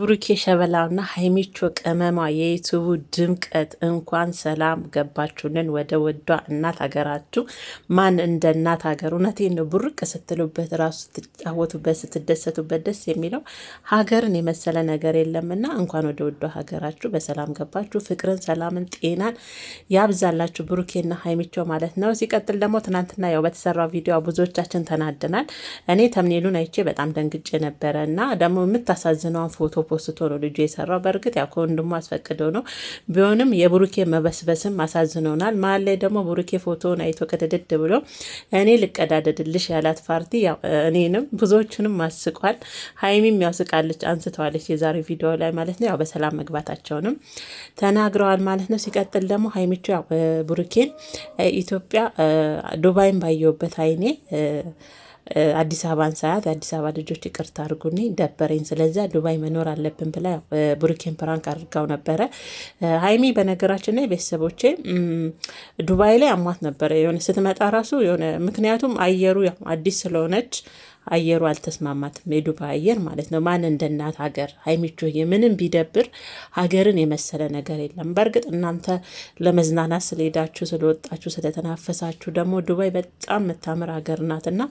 ብሩኬ ሸበላውና ሀይሚቾ ቅመማ የዩቱቡ ድምቀት እንኳን ሰላም ገባችሁንን ወደ ወዷ እናት ሀገራችሁ። ማን እንደ እናት ሀገር እውነቴ ነው። ብሩቅ ስትሉበት ራሱ ስትጫወቱበት፣ ስትደሰቱበት ደስ የሚለው ሀገርን የመሰለ ነገር የለምና እንኳን ወደ ወዷ ሀገራችሁ በሰላም ገባችሁ። ፍቅርን፣ ሰላምን፣ ጤናን ያብዛላችሁ ብሩኬና ሀይሚቾ ማለት ነው። ሲቀጥል ደግሞ ትናንትና ያው በተሰራው ቪዲዮ ብዙዎቻችን ተናደናል። እኔ ተምኔሉን አይቼ በጣም ደንግጬ ነበረ እና ደግሞ የምታሳዝነውን ፎቶ ፖስቶ ነው ልጁ የሰራው። በእርግጥ ያው ከወንድሙ አስፈቅደው ነው ቢሆንም የብሩኬ መበስበስም አሳዝኖናል። መሀል ላይ ደግሞ ብሩኬ ፎቶውን አይቶ ቀደደድ ብሎ እኔ ልቀዳደድልሽ ያላት ፓርቲ እኔንም ብዙዎቹንም አስቋል። ሀይሚም ያው አንስተዋለች የዛሬ ቪዲዮ ላይ ማለት ነው። ያው በሰላም መግባታቸውንም ተናግረዋል ማለት ነው። ሲቀጥል ደግሞ ሀይሚቹ ያው ብሩኬን ኢትዮጵያ ዱባይን ባየውበት አይኔ አዲስ አበባን ሳያት የአዲስ አበባ ልጆች ይቅርታ አድርጉኝ ደበረኝ፣ ስለዚ ዱባይ መኖር አለብን ብላ ብሩኬን ፕራንክ አድርጋው ነበረ። ሀይሚ በነገራችን ላይ ቤተሰቦቼ ዱባይ ላይ አሟት ነበረ የሆነ ስትመጣ ራሱ የሆነ ምክንያቱም አየሩ አዲስ ስለሆነች አየሩ አልተስማማትም፣ የዱባይ አየር ማለት ነው። ማን እንደ እናት ሀገር ሀይሚቾ የምንም ቢደብር ሀገርን የመሰለ ነገር የለም። በእርግጥ እናንተ ለመዝናናት ስለሄዳችሁ ስለወጣችሁ፣ ስለተናፈሳችሁ ደግሞ ዱባይ በጣም የምታምር ሀገር ናት ናትና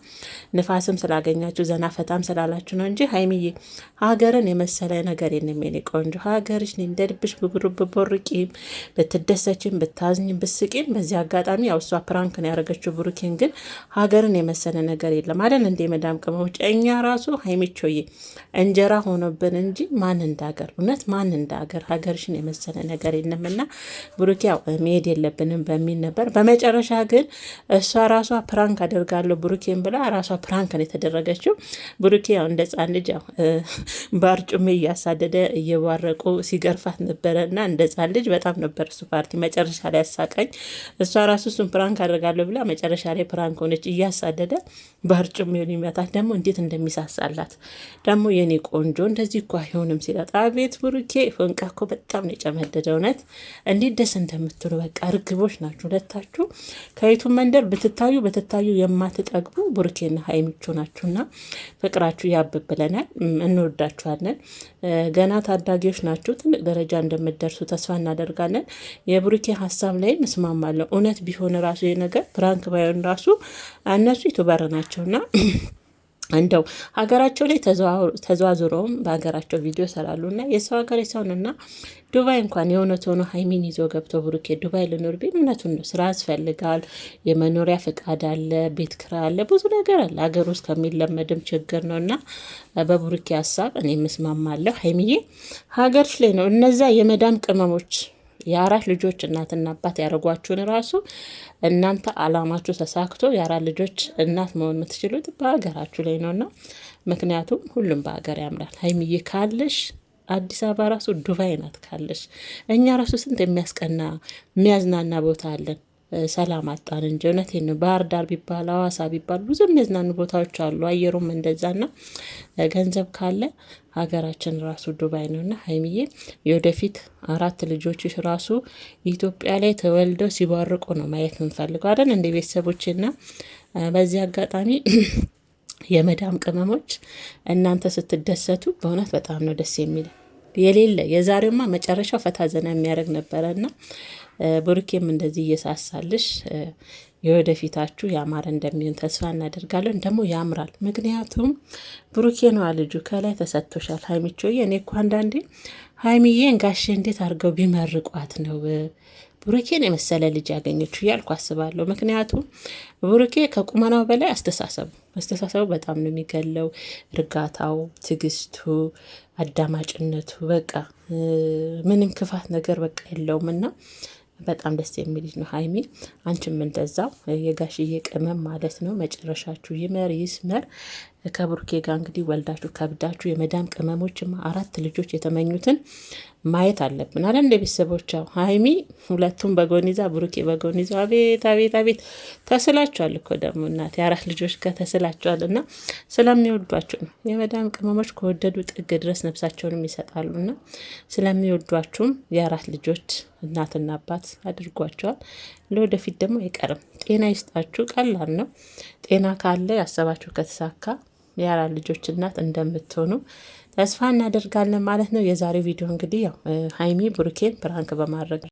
ንፋስም ስላገኛችሁ ዘና ፈታም ስላላችሁ ነው እንጂ ሀይሚዬ፣ ሀገርን የመሰለ ነገር የለም። የኔ ቆንጆ ሀገርሽ እንደ ልብሽ ብቦርቂም ብትደሰችም ብታዝኝም ብስቂም። በዚህ አጋጣሚ ያው እሷ ፕራንክ ነው ያደረገችው ብሩኬን፣ ግን ሀገርን የመሰለ ነገር የለም አለን እንዴ መዳም ቅመሞች እኛ ራሱ ሀይሚቾዬ እንጀራ ሆኖብን እንጂ ማን እንደ ሀገር እውነት ማን እንደ ሀገር ሀገርሽን የመሰለ ነገር የለምና ብሩክ ያው መሄድ የለብንም በሚል ነበር። በመጨረሻ ግን እሷ ራሷ ፕራንክ አደርጋለሁ ብሩኬን ብላ ራሷ ፕራንክ ነው የተደረገችው። ብሩኬ ያው እንደ ጻን ልጅ ያው በአርጩሜ እያሳደደ እየባረቁ ሲገርፋት ነበረ እና እንደ ጻን ልጅ በጣም ነበር እሱ ፓርቲ መጨረሻ ላይ ያሳቀኝ። እሷ ራሱ እሱን ፕራንክ አደርጋለሁ ብላ መጨረሻ ላይ ፕራንክ ሆነች እያሳደደ በአርጩሜ ይመታል። ደግሞ እንዴት እንደሚሳሳላት ደግሞ የኔ ቆንጆ እንደዚህ እኮ አይሆንም ሲላት፣ አቤት ብሩኬ ፎንቃ እኮ በጣም ነው የጨመደደ። እውነት እንዴት ደስ እንደምትሉ በቃ ርግቦች ናችሁ ሁለታችሁ። ከየቱ መንደር ብትታዩ ብትታዩ የማትጠግቡ ብሩኬና ሀይሚቾ ናችሁና ፍቅራችሁ ያብብለናል። እንወዳችኋለን። ገና ታዳጊዎች ናችሁ። ትልቅ ደረጃ እንደምትደርሱ ተስፋ እናደርጋለን። የብሩኬ ሀሳብ ላይ እስማማለሁ። እውነት ቢሆን ራሱ ነገር ፕራንክ ባይሆን ራሱ እነሱ ዩቱበር ናቸውና እንደው ሀገራቸው ላይ ተዘዋዝረውም በሀገራቸው ቪዲዮ ይሰራሉ እና የሰው ሀገር የሰውን እና ዱባይ እንኳን የእውነት ሆኖ ሀይሚን ይዞ ገብቶ ብሩኬ ዱባይ ልኖር ቢል እውነቱን ነው። ስራ ያስፈልጋል፣ የመኖሪያ ፍቃድ አለ፣ ቤት ኪራይ አለ፣ ብዙ ነገር አለ። ሀገር ውስጥ ከሚለመድም ችግር ነው እና በብሩኬ ሀሳብ እኔ ምስማማለሁ። ሀይሚዬ ሀገርሽ ላይ ነው እነዛ የመዳም ቅመሞች የአራት ልጆች እናትና አባት ያደረጓችሁን ራሱ እናንተ አላማችሁ ተሳክቶ የአራት ልጆች እናት መሆን የምትችሉት በሀገራችሁ ላይ ነውና፣ ምክንያቱም ሁሉም በሀገር ያምራል። ሀይሚዬ ካለሽ አዲስ አበባ ራሱ ዱባይ ናት ካለሽ፣ እኛ ራሱ ስንት የሚያስቀና የሚያዝናና ቦታ አለን። ሰላም አጣን እንጂ እውነቴን ነው። ባህር ዳር ቢባል አዋሳ ቢባል ብዙ የሚያዝናኑ ቦታዎች አሉ። አየሩም እንደዛና ገንዘብ ካለ ሀገራችን ራሱ ዱባይ ነው ና ሀይሚዬ የወደፊት አራት ልጆችሽ ራሱ ኢትዮጵያ ላይ ተወልደው ሲባርቁ ነው ማየት የምንፈልገው አይደል? እንደ ና በዚህ አጋጣሚ የመዳም ቅመሞች እናንተ ስትደሰቱ በእውነት በጣም ነው ደስ የሚለው። የሌለ የዛሬውማ መጨረሻው ፈታ ዘና የሚያደርግ ነበረና ብሩኬም እንደዚህ እየሳሳልሽ የወደፊታችሁ ያማረ እንደሚሆን ተስፋ እናደርጋለን። ደግሞ ያምራል። ምክንያቱም ብሩኬ ነዋ ልጁ ከላይ ተሰጥቶሻል። ሀይሚቾዬ እኔ እኮ አንዳንዴ ሀይሚዬን ጋሼ እንዴት አድርገው ቢመርቋት ነው ብሩኬን የመሰለ ልጅ ያገኘችው እያልኩ አስባለሁ። ምክንያቱም ብሩኬ ከቁመናው በላይ አስተሳሰቡ አስተሳሰቡ በጣም ነው የሚገለው። እርጋታው፣ ትግስቱ፣ አዳማጭነቱ በቃ ምንም ክፋት ነገር በቃ የለውም እና በጣም ደስ የሚል ነው። ሀይሚ አንቺም እንደዛው የጋሽዬ ቅመም ማለት ነው። መጨረሻችሁ ይመር ይስመር። ከብሩኬ ጋር እንግዲህ ወልዳችሁ ከብዳችሁ የመዳም ቅመሞችማ አራት ልጆች የተመኙትን ማየት አለብን አለ እንደ ቤተሰቦቻው ሀይሚ ሁለቱም በጎን ይዛ ብሩኬ በጎን ይዛ አቤት አቤት አቤት ተስላችኋል እኮ ደግሞ እናቴ አራት ልጆች ጋር ተስላችኋል እና ስለሚወዷችሁ ነው የመዳም ቅመሞች ከወደዱ ጥግ ድረስ ነብሳቸውንም ይሰጣሉ እና ስለሚወዷችሁም የአራት ልጆች እናትና አባት አድርጓቸዋል ለወደፊት ደግሞ አይቀርም ጤና ይስጣችሁ ቀላል ነው ጤና ካለ ያሰባችሁ ከተሳካ የአራት ልጆች እናት እንደምትሆኑ ተስፋ እናደርጋለን ማለት ነው። የዛሬው ቪዲዮ እንግዲህ ያው ሀይሚ ብሩኬን ፕራንክ በማድረግ